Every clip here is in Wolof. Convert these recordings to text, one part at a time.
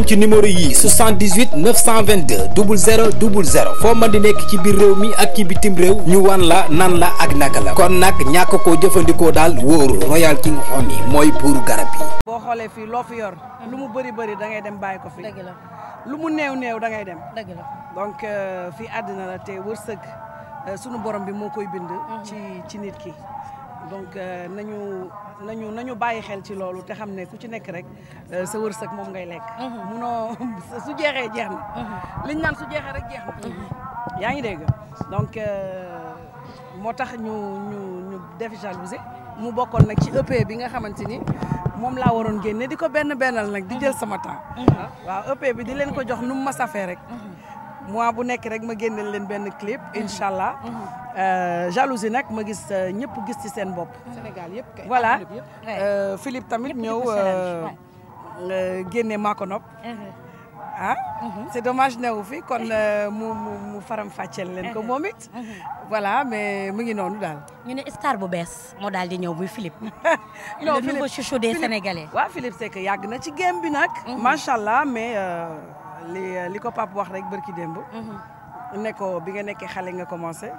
moom numéro yii 78 922 00 00 foo mën di nekk ci biir réew mi ak ci bitim réew ñu wan la nan la ak naka la kon nag ñàkk koo jëfandikoo daal wóoru Royal King Honey mooy buuru garab yi. xoolee fii loo fi yor lu mu bëri bëri dangay dem bàyyi ko fi. dëgg la lu mu néew néew dangay dem. dëgg donc euh, fii àddina la te wërsëg euh, sunu borom bi moo koy bind. Mhm. ci ci nit ki. donc euh, nañu nañu nañu bàyyi xel ci loolu te xam ne ku ci nekk rek euh, sa wërsëg moom ngay lekk. Uh-huh. munoo su jeexee jeex na. Uh-huh. liñ naan su jeexee rek jeex na. Uh-huh. yaa ngi dégg donc euh, moo tax ñu ñu ñu def jalousie mu bokkoon nag ci EP bi nga xamante ni moom laa waroon génne di ko benn bennal nag di jël sama temps. waaw EP bi di leen ko jox nu ma safee rek. mois bu nekk rek ma génneel leen benn clip incha allah. Euh, jalousie nag ma gis euh, ñëpp gis ci seen bopp. Sénégal yëpp kay voilà euh, Philippe tamit ñëw génne maa ko nopp mhm. ah. Mhm. c'est dommage newu fi kon mu mu faram fàcceel leen ko mhm. moom it. voilà mais mu ngi noonu daal. ñu ne star bu bees moo daal di ñëw buy Philippe. non Philippe le nouveau chouchou des Philippe c'est yàgg na ci game bi nag. macha allah mais li li ko papa wax rek bërki démb. ne ko bi nga nekkee xale nga commencé.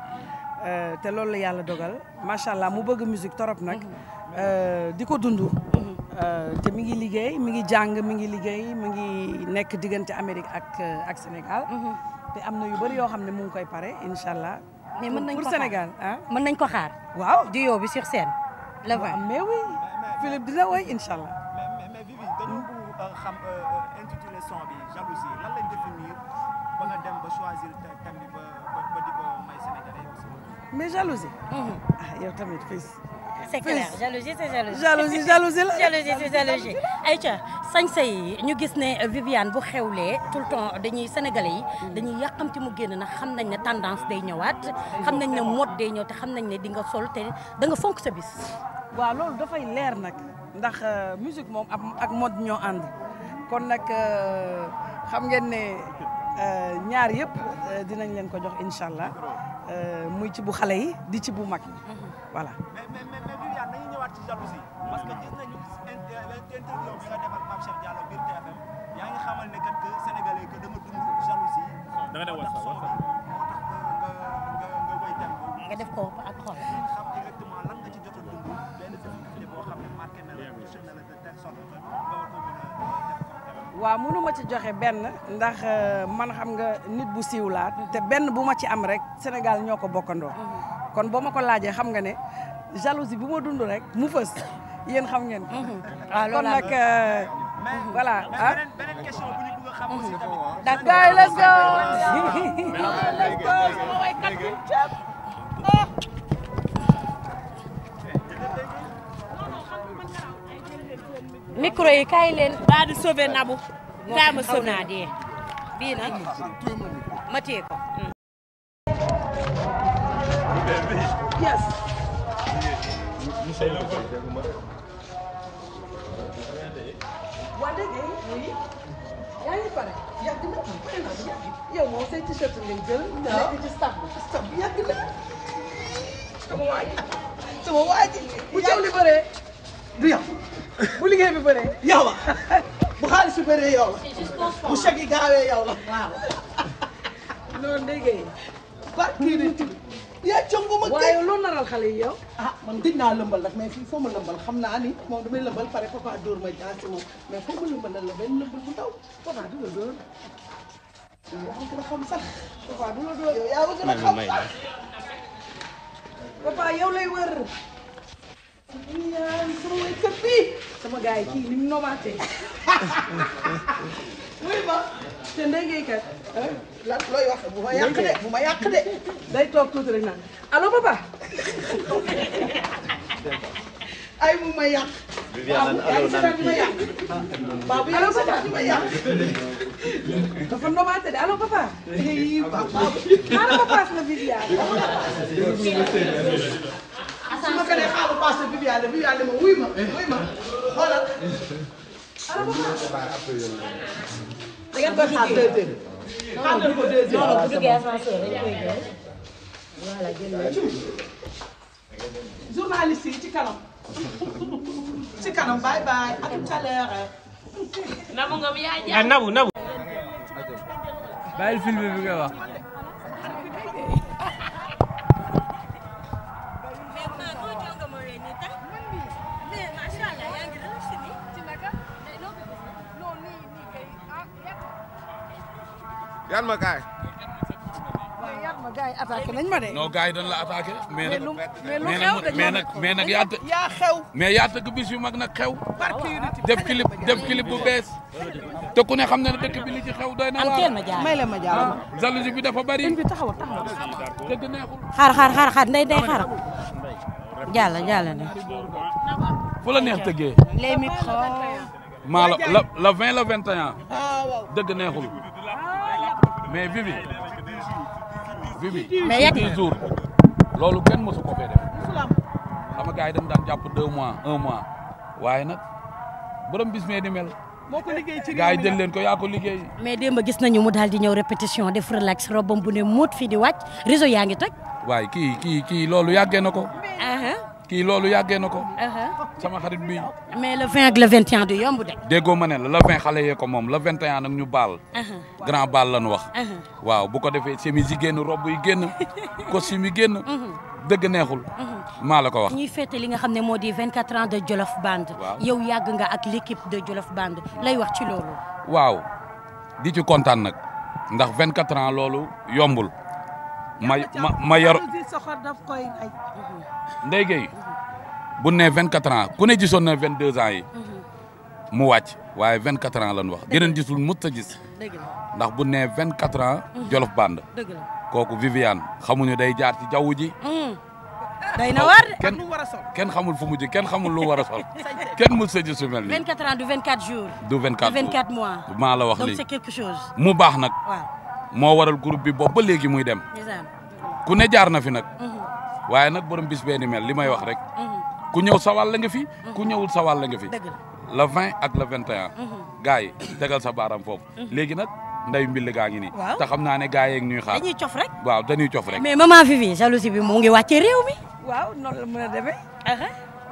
Euh, te loolu la yàlla dogal macha allah mu bëgg musique torop nag mhm. euh, di ko dund mhm. euh, te mi ngi liggéey mi ngi jàng mi ngi liggéey mi ngi nekk diggante Amérique ak ak Sénégal mhm. te am na yu bëri yoo xam ne mu ngi koy pare incha allah mais mën nañ ko Sénégal ah mën nañ ko xaar waaw di yow bi sur scène la mais oui Philippe dina woy incha allah mais mais jalousie. Mhm. ah yow tamit fii. c'est clair jalousie c'est jalousie. jalousie jalousie jalousie c'est jalousie. ayca sañ-sañ yi ñu gis ne Viviane bu xewlee tout le temps dañuy sénégalais yi. Mm. dañuy yàqamti mu génn nag xam nañ ne tendance day ñëwaat. xam nañ ne mode day ñëw te xam nañ ne di nga sol te da nga fonk sa bis. waaw loolu dafay leer nag ndax euh, musique moom ak mode ñoo ànd kon nag euh, xam ngeen ne. Euh, ñaar yëpp euh, dinañ leen ko jox incha allah euh, muy ci bu xale yi di ci bu mag yi voilà. mais mais mais Viviane def ko ak xol. waaw mënuma ci joxe benn ndax euh, man xam nga nit bu siiw laa te benn bu ma ci am rek Sénégal ñoo ko bokkandoo mhm. kon boo ma ko laajee xam nga ne jalousie bu ma dund rek mu fës yéen xam ngeen mhm. ah kon nag euh, voilà ah beneen question bu ñu bëgg a micro yi kaay leen daa di sauvé nabu daa ma sauvé naa dee bii nag ah, ah, ma téye ko hmm. yes waa dégg yaa ngi pare yàgg na pare na yow moom say t-shirt ngay jël ah. nekk bu liggéey bi bëree. yow la bu xaalis bi bëree yow la. bu chèque yi gaawee yow la waaw. non déggee. barki di ci. yaa congu ma waaye loo naral xale yi yow. ah man gëj naa lëmbal nag mais fii foo ma lëmbal xam naa ni moom damay lëmbal pare papa dóor ma jaasi moom mais foo ma lëmbal la benn lëmbal bu ndaw papa du la dóor. yaa gën a xam sax papa du la dóor yow yaa gën a xam sax papa yow lay wër. ñaan sama way kër fii sama gars yi kii ni mu nobaatee wuy ma te ndéngeykat lan looy wax bu ma yàq de bu ma yàq de day toog tuuti rek naan allo papa ay mu ma yàq bu ma yàq baa bu yàlla papa ma yàq dafa nobaate de allo papa xaaral papa na Viviane bi yàlla bi yàlla ma wuy ma eh. wuy ma xoolal. da ngeen koy xaar deux heures. xaar nañu ko deux heures. non bu duggee ascenseur dañu koy jël. voilà jël na journaliste yi ci kanam. ci kanam bye bye à tout à l'heure. Nabou Ngom yaa ngi. Eh, Nabou Nabou. bàyyil film bi nga wax. yan ma gaay yan ma gaay attaqué nañ ma de. non gaay dañ la attaqué. mais nag mais nag mais nag yaa yaa xew. mais yaa tëgg bis yu mag nag xew. def clip def clip bu bees. te ku ne xam na ne dëkk bi li ci xew doy na waar. may la ma jaar ah, jalousie bi dafa bari. bi taxawal taxawal. dëgg neexul. xaar xaar xaar xaar ndey ndey xaar. jàll jàll na. fu la neex tëggee. les micros. la la le 20 le 21. dëgg neexul. mais Vivi Vivi mais dix jours loolu kenn mosu ko dem def xam nga gars yi jàpp deux mois un mois waaye nag borom bis mee di mel moo ko liggéey ci yi jël leen ko yaa ko liggéey mais démb gis nañu mu daal di ñëw répétition def relax robam bu ne muut fii di wàcc réseau yaa ngi toj waaye kii kii kii loolu yàggee na ko ah, ah. kii loolu yàggee na ko ah, sama xarit bi mais le 20 ak le 21 du yomb de. déggoo ma ne la le 20 xale yee ko moom le 21 nag ñu baal. Uh-huh. grand baal lañ wax. Uh-huh. waaw bu ko defee chemise yi génn rob yi génn costume yi génn. Uh-huh. dëgg neexul. maa la ko wax. ñuy fête li nga xam ne moo di vingt 24 ans de Jolof Band. yow yàgg nga ak l'équipe de Jolof Band lay wax ci loolu. waaw di ci kontaan nag ndax 24 ans loolu yombul. ma ma ma yor ndey Gueye bu nee vingt quatre ans ku ne gisoon na vingt deux yi mhm. mu wàcc waaye vingt quatre ans lan wax geneen gisul mës a gis ndax bu nee vingt quatre ans mhm. jolof band kooku vivian xamuñu day jaar ci jaww ji mhm. day na waar kenn kenn xamul fu mu ji kenn xamul lu war a sol kenn mu sëji su mel nii. 24 ans du 24 jours. du 24 24 la wax li donc c'est mu baax nag. waaw moo waral groupe bi boobu ba léegi muy dem. ku ne jaar na fi nag. waaye nag borom bis bee ni mel li may wax rek. ku ñëw sa wàll nga fi. Mhm. ku ñëwul sa wàll nga fi. le 20 ak le 21. Mhm. gars yi tegal sa baaram foofu. Mhm. léegi nag nday la gaa ngi nii. waaw te xam naa ne gars yeeg ñuy xaar. dañuy cof rek waaw dañuy cof rek. mais maman Fifi jalousie bi mu ngi wàccee réew mi. waaw noonu la mën a demee.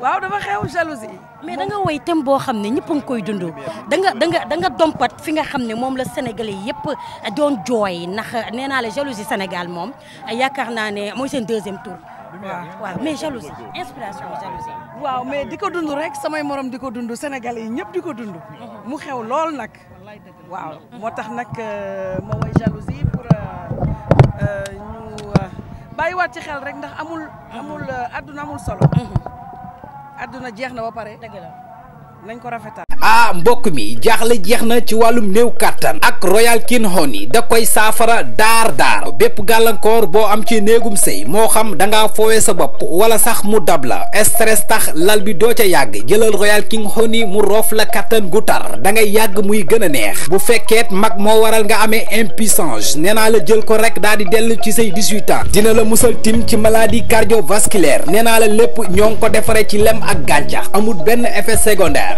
waaw dafa xew jalousie. mais da nga woy thème boo xam ne ñëpp a ngi koy dund. da nga da nga da nga dompat fi nga xam ne moom la sénégalais yëpp doon jooy ndax nee naa la jalousie Sénégal moom yaakaar naa ne mooy seen deuxième tour. waaw waaw mais jalousie inspiration jalousie. waaw mais di ko dund rek samay morom di ko dund Sénégalais yi ñëpp di ko dund. Mhm. mu xew lool nag. waaw moo tax nag euh, ma woy jalousie pour euh, euh, ñu bàyyiwaat ci xel rek ndax amul. amul adduna mhm. amul solo. adduna mhm. jeex na ba pare. dëgg la nañ ko rafetal. ah mbokk mi jaaxle jeex na ci wàllum néew kàttan ak royal king honey da koy saafara daar daar bépp gàllankoor boo am ci néegum sëy moo xam danga ngaa sa bopp wala sax mu dab la stress tax lal bi doo ca yàgg jëlal royal king honey mu roof la kàttan gu tar da ngay yàgg muy gën a neex bu fekkeet mag moo waral nga amee impuissance nee naa la jël ko rek daa di dellu ci say 18 ans dina la musal tim ci maladie cardiovasculaire nee naa la lépp ñoo ngi ko defaree ci lem ak gàncax amul benn effet secondaire